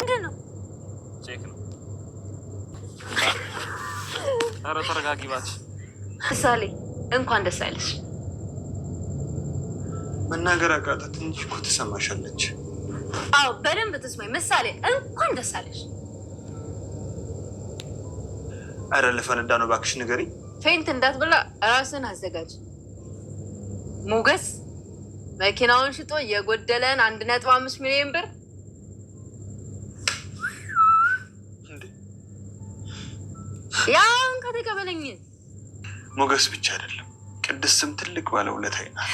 ምንድን ነው? ቼክ ነው። ኧረ ተረጋጊ እባክሽ። ምሳሌ እንኳን ደስ አይለሽ። መናገር አቃታት እንጂ እኮ ትሰማሻለች። አዎ በደንብ ትስማኝ። ምሳሌ እንኳን ደስ አለሽ። ኧረ ልፈነዳ ነው እባክሽ ንገሪ። ፌንት እንዳትበላ ራስን አዘጋጅ። ሞገስ መኪናውን ሽጦ የጎደለን አንድ ነጥብ አምስት ሚሊዮን ብር ተቀበለኝ። ሞገስ ብቻ አይደለም ቅድስትም ትልቅ ባለውለታዬ ናት።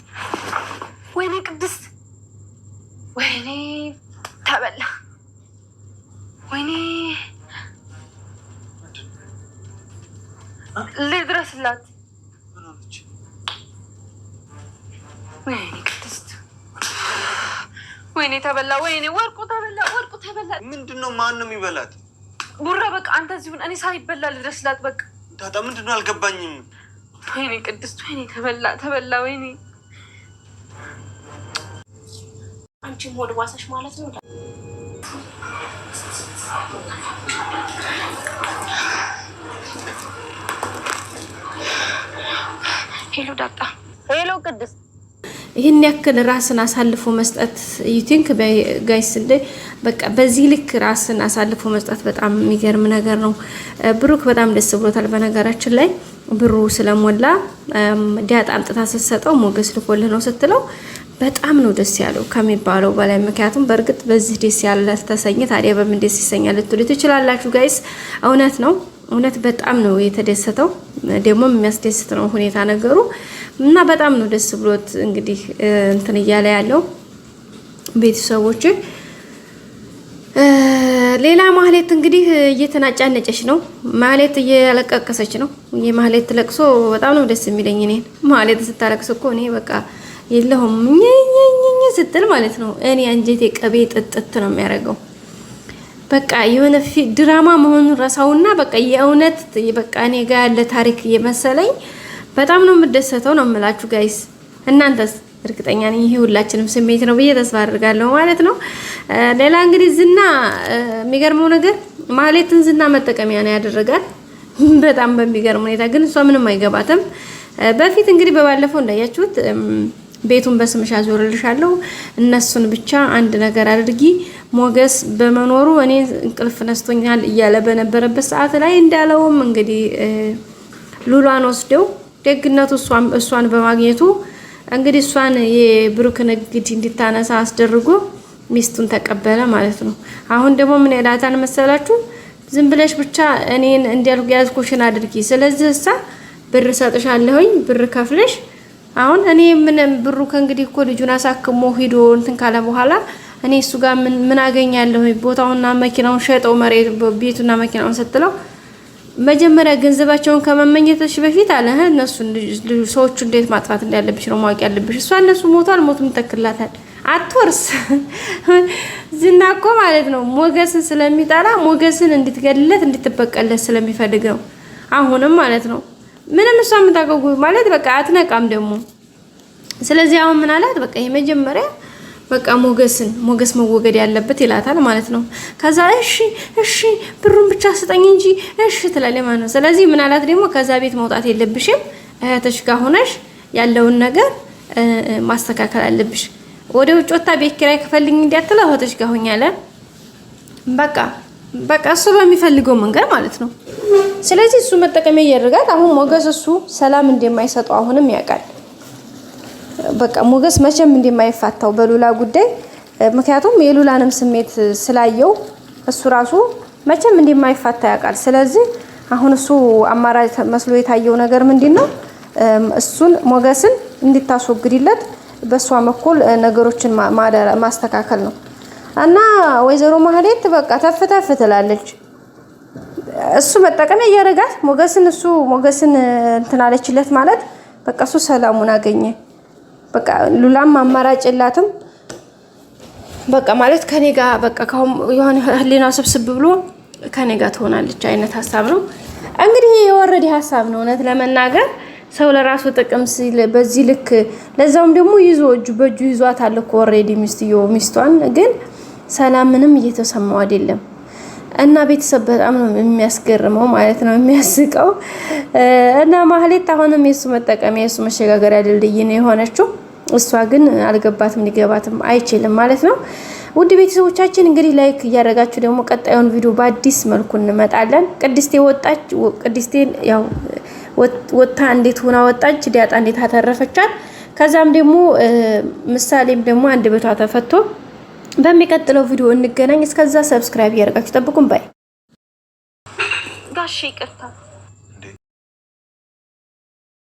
ወይኔ ቅድስት፣ ወይኔ ተበላ፣ ወይኔ ልድረስላት። ወይኔ ቅድስት፣ ወይኔ ተበላ፣ ወይኔ ወርቁ ተበላ፣ ወርቁ ተበላ። ምንድን ነው? ማን ነው የሚበላት? ቡራ፣ በቃ አንተ እዚሁን። እኔ ሳይበላ ልድረስላት በቃ ዳጣ ምንድን ነው አልገባኝም። ወይኔ ቅድስት፣ ወይኔ ተበላ ተበላ፣ ወይኔ አንቺም ሆድ ዋሰሽ ማለት ነው። ሄሎ ዳጣ። ሄሎ ቅድስት ይህን ያክል ራስን አሳልፎ መስጠት ዩቲንክ ጋይስ እንደ በቃ በዚህ ልክ ራስን አሳልፎ መስጠት በጣም የሚገርም ነገር ነው። ብሩክ በጣም ደስ ብሎታል። በነገራችን ላይ ብሩ ስለሞላ ዲያጣ አምጥታ ስትሰጠው ሞገስ ልኮልህ ነው ስትለው በጣም ነው ደስ ያለው ከሚባለው በላይ። ምክንያቱም በእርግጥ በዚህ ደስ ያለ ተሰኘ ታዲያ በምን ደስ ይሰኛል ልትሉ ትችላላችሁ ጋይስ፣ እውነት ነው። እውነት በጣም ነው የተደሰተው። ደግሞ የሚያስደስት ነው ሁኔታ ነገሩ እና በጣም ነው ደስ ብሎት እንግዲህ እንትን እያለ ያለው ቤተሰቦች። ሌላ ማህሌት እንግዲህ እየተናጫነጨች ነው። ማህሌት እያለቀቀሰች ነው። የማህሌት ለቅሶ በጣም ነው ደስ የሚለኝ። እኔ ማህሌት ስታለቅስ እኮ እኔ በቃ የለሁም ስትል ማለት ነው እኔ አንጀቴ ቀቤ ጥጥት ነው የሚያደርገው። በቃ የሆነ ድራማ መሆኑን ረሳውና በቃ የእውነት በቃ እኔ ጋር ያለ ታሪክ የመሰለኝ በጣም ነው የምደሰተው ነው የምላችሁ ጋይስ። እናንተስ? እርግጠኛ ነኝ ይሄ ሁላችንም ስሜት ነው ብዬ ተስፋ አድርጋለሁ ማለት ነው። ሌላ እንግዲህ ዝና የሚገርመው ነገር ማለትን ዝና መጠቀሚያ ነው ያደረጋል። በጣም በሚገርም ሁኔታ ግን እሷ ምንም አይገባትም። በፊት እንግዲህ በባለፈው እንዳያችሁት ቤቱን በስምሽ አዞርልሻለሁ እነሱን ብቻ አንድ ነገር አድርጊ ሞገስ በመኖሩ እኔ እንቅልፍ ነስቶኛል እያለ በነበረበት ሰዓት ላይ እንዳለውም እንግዲህ ሉላን ወስደው ደግነቱ እሷን በማግኘቱ እንግዲህ እሷን የብሩክ ንግድ እንዲታነሳ አስደርጎ ሚስቱን ተቀበለ ማለት ነው። አሁን ደግሞ ምን ያላታን መሰላችሁ? ዝም ብለሽ ብቻ እኔን እንዲያልኩ ያዝኩሽን አድርጊ። ስለዚህ እሳ ብር ሰጥሻለሁኝ ብር ከፍለሽ አሁን እኔ ምን ብሩ ከእንግዲህ እኮ ልጁን አሳክሞ ሂዶ እንትን ካለ በኋላ እኔ እሱ ጋር ምን ምን አገኛለሁ? ቦታውና መኪናውን ሸጠው መሬት ቤቱና መኪናውን ሰጥለው መጀመሪያ ገንዘባቸውን ከመመኘተሽ በፊት አለ እነሱ ሰዎቹ እንዴት ማጥፋት እንዳለብሽ ነው ማወቅ ያለብሽ። እሷ እነሱ ሞቷል፣ ሞቱም ይተክላታል። አትወርስ ዝና እኮ ማለት ነው ሞገስን ስለሚጠላ ሞገስን እንድትገድለት እንድትበቀለት ስለሚፈልግ ነው። አሁንም ማለት ነው ምንም እሷ የምታገጉ ማለት በቃ አትነቃም ደግሞ። ስለዚህ አሁን ምን አላት በቃ የመጀመሪያ በቃ ሞገስን ሞገስ መወገድ ያለበት ይላታል ማለት ነው። ከዛ እሺ እሺ ብሩን ብቻ ስጠኝ እንጂ እሺ ትላለች ማለት ነው። ስለዚህ ምን አላት ደግሞ ከዛ ቤት መውጣት የለብሽም እህትሽ ጋር ሆነሽ ያለውን ነገር ማስተካከል አለብሽ። ወደ ውጭ ወጣ ቤት ኪራይ ክፈልኝ እንዲያትለው እህትሽ ጋር ሆኛለን በቃ በቃ እሱ በሚፈልገው መንገድ ማለት ነው። ስለዚህ እሱ መጠቀሚያ እያደረጋት አሁን ሞገስ እሱ ሰላም እንደማይሰጠው አሁንም ያውቃል። በቃ ሞገስ መቼም እንደማይፋታው በሉላ ጉዳይ ምክንያቱም የሉላንም ስሜት ስላየው እሱ ራሱ መቼም እንደማይፋታ ያውቃል። ስለዚህ አሁን እሱ አማራጭ መስሎ የታየው ነገር ምንድን ነው? እሱን ሞገስን እንድታስወግድለት በእሷ በኩል ነገሮችን ማስተካከል ነው። እና ወይዘሮ ማህሌት በቃ ተፍ ተፍ ትላለች። እሱ መጠቀሚያ እያደረጋት ሞገስን እሱ ሞገስን እንትን አለችለት ማለት በቃ እሱ ሰላሙን አገኘ። በቃ ሉላም አማራጭ የላትም። በቃ ማለት ከኔ ጋር በቃ ካሁን የሆነ ህሊና ስብስብ ብሎ ከኔ ጋር ትሆናለች አይነት ሀሳብ ነው እንግዲህ የወረደ ሀሳብ ነው እውነት ለመናገር ሰው ለራሱ ጥቅም ሲል በዚህ ልክ ለዛውም ደግሞ ይዞ እጁ በእጁ ይዟታል እኮ ኦልሬዲ ሚስትዮ ሚስቷን ግን ሰላም ምንም እየተሰማው አይደለም። እና ቤተሰብ በጣም ነው የሚያስገርመው ማለት ነው የሚያስቀው። እና ማህሌት አሁንም የሱ መጠቀሚያ የሱ መሸጋገሪያ ድልድይ ነው የሆነችው። እሷ ግን አልገባትም፣ ሊገባትም አይችልም ማለት ነው። ውድ ቤተሰቦቻችን እንግዲህ ላይክ እያደረጋችሁ ደግሞ ቀጣዩን ቪዲዮ በአዲስ መልኩ እንመጣለን። ቅድስቴ ወጣች። ቅድስቴን ያው ወጥታ እንዴት ሆና ወጣች፣ ዲያጣ እንዴት አተረፈቻት። ከዛም ደግሞ ምሳሌም ደግሞ አንድ ቤቷ ተፈቶ በሚቀጥለው ቪዲዮ እንገናኝ። እስከዛ ሰብስክራይብ እያደረጋችሁ ጠብቁን። ባይ ጋሽ ይቅርታ